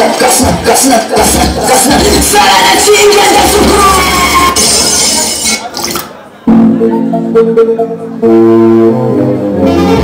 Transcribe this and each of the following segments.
kasna, kasna, kasna, kasna, kasna Sana na cinque da sucru Thank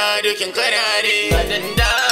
ya dukin karare. Badan da